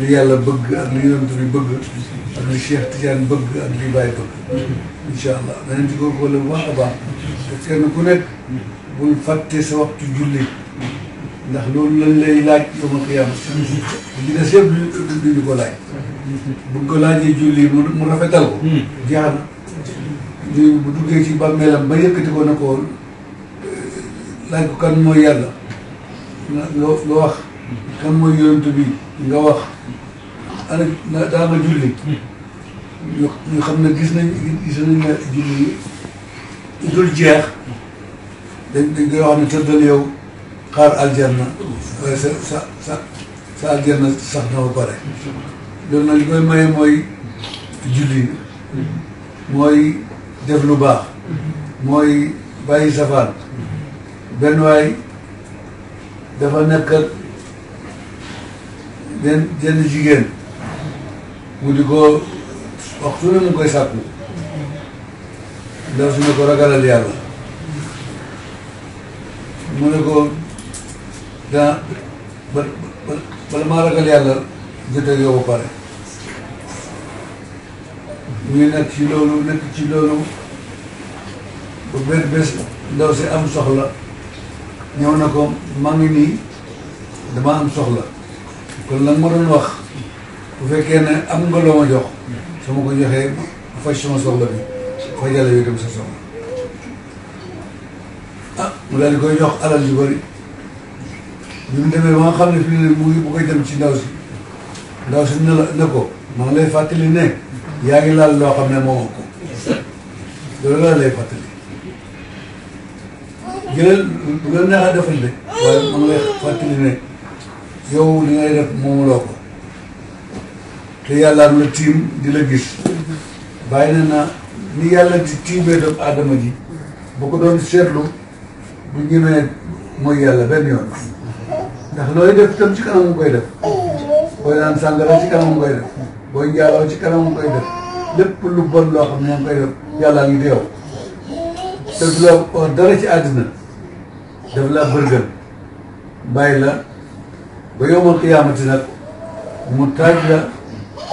lu yàlla bëgg ak lu yonent bi bëgg ak lu Cheikh Tidiane bëgg ak lu Baye bëgg incha allah danañ ci góorgóorlu bu baax a baax te kenn ku nekk bul fàtte sa waxtu julli ndax loolu lañ lay laaj yow ma xiyaama li des yëpp duñu ko laaj buñ ko laajee julli mu rafetal ko jeex na ñu bu duggee ci bàmmeelam ba yëkkati ko na ko laaj ko kan mooy yàlla nga wax kan mooy yonent bi nga wax ana daa nga julli ñu xam ne gis nañ gis nañ ne julli yi dul jeex dañ dañ koy wax ne tëddal yow xaar aljanna waaye sa sa sa sa sax na ba pare loolu nag li koy maye mooy julli mooy def lu baax mooy bàyyi safaan benn waay dafa nekk benn jenn jigéen mu di ko waxtu ne mu ngi koy sàkku ndaw si ne ko ragalal yàlla mu ne ko daa ba bala maa ragal yàlla jotee yow ba pare ñu nekk ci loolu nekk ci loolu ba benn bés ndaw si am soxla ñëw na ko maa ngi nii am soxla kon nag ma doon wax bu fekkee ne am nga loo ma jox su ma ko joxee bu faj sama soxla bi fajal yooyu dem sa soxla ah mu daal koy jox alal yu bari bi mu demee ba nga xam ne fii ne mu bu koy dem ci ndaw si ndaw si ne ne ko maa ngi lay fàttali ne yaa ngi laal loo xam ne moo ko loolu laa lay fàttali jëlal bu la neexee defal de waaye lay fàttali ne yow li ngay def moomuloo ko te yàlla am la tiim di la gis bàyyi na ni yàlla di tiimee doomu aadama ji bu ko doon seetlu du ñemee mooy yàlla benn yoon ndax looy def tam ci kanam koy def booy naan sàngara ci kanam koy def booy njaaloo ci kanam koy def lépp lu bon loo xam ne koy def yàllaa ngi di te du dara ci àddina daf la bërgël bàyyi ويوم القيامة جنك ومتاج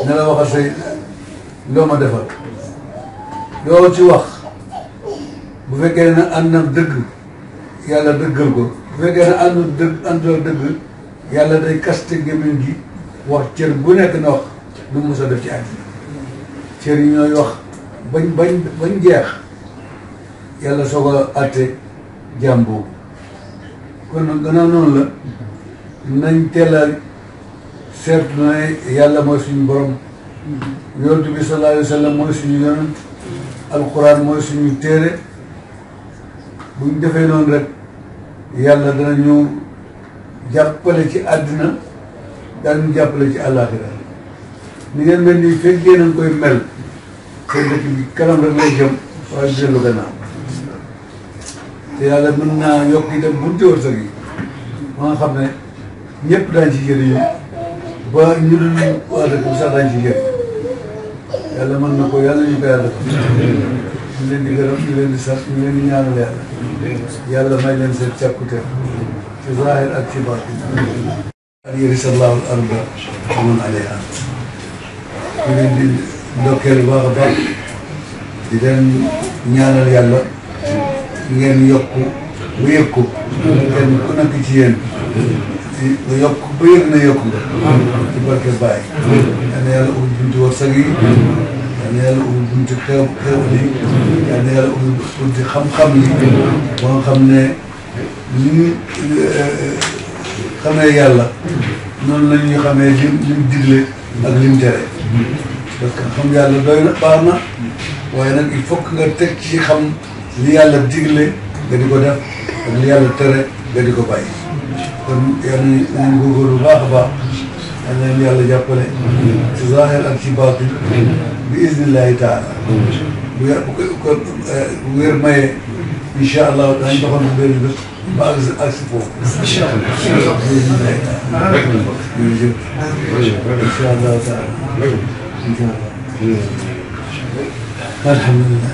نلا وقت شيء لو ما دفع لو تي وخ بفكر أن الدق يلا دق الكل بفكر أن الدق أن الدق يلا دي كاستنج منجي وقت شر بنك نوخ لو موسى دفع شر يوخ بن بن بن جيخ يلا سوغل أتي جامبو كنا كنا نون nañ teel a seetlu yàlla mooy suñu borom yonent bi sallallahu alayhi wa sallam mooy suñu yonent alquran mooy suñu téere buñ defee noonu rek yàlla dana ñu jàppale ci àddina daañu jàppale ci àllaaxira ni ngeen mel nii fekk ngeen koy mel seen dëkk kanam rek lay jëm waaye dellu gannaaw te yàlla mën naa yokk itam bunti wërsëg ma nga xam ne Niye plan ciğeriyim? Bağ yürürüm vardı kumsadan ciğer. Elemanla koyalı yukarıda. Millen dikarım, millen lisat, millen inyanı verdi. Yalla maylen zep çakkutu. Zahir akti bakın. Kariyeri sallahu arda. Aman aleyha. Millen dil dokel bağ bak. Diden inyanı yalla. Ngeen yokku, wéeku. Kenn ku nekk ci yéen. na yokk ba yëg na yokk nga ci barke Baye yal yàlla ubbi bunti wërsëg yi yal yàlla ubbi bunti xam-xam yi ba xam ne ni eh, eh, xamee yàlla noonu la ñuy xamee lim lim digle ak lim tere parce que xam yàlla doy na baax na waaye nag il faut nga teg ci xam li yàlla digle nga di ko def ak li yàlla tere nga di ko bàyyi kon yal nañu nañu góorgóorlu bu baax a baax yal na leen yàlla jàppale ci zaahir ak ci baatin bi isnillahi taala bu yà bu ko bu wér mayee incha allah daañu doxal bu benn bés ba àgg si àgg si foofu incha allah bismillahi taala jërëjëf incha allah taala incha allah alhamdulillah